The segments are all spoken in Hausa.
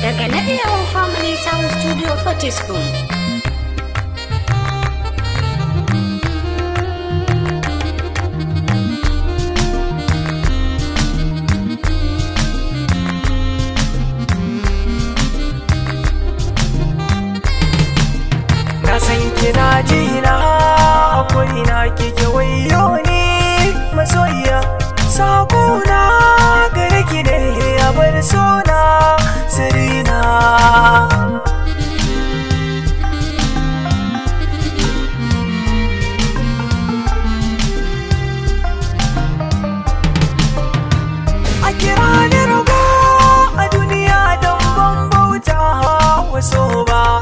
daga Nadiyawan Family Sound Studio Fortiskum. Na san kina jina a kurina kike ne masoyiya sakona na ki ne a bar sona A kira a duniya don ban bauta wasu ba,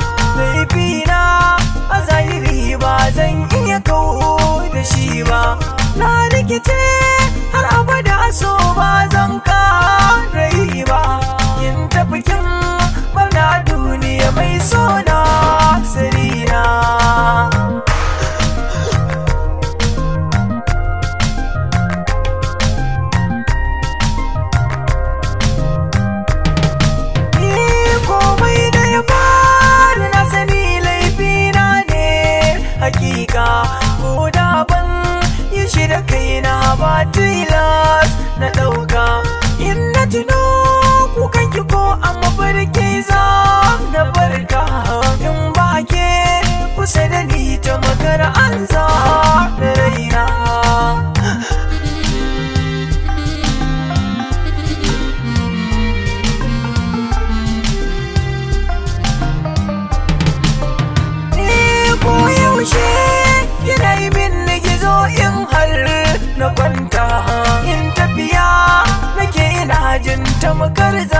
ka ko da ban yi shi da kaina ba tilas na dau tell my cut is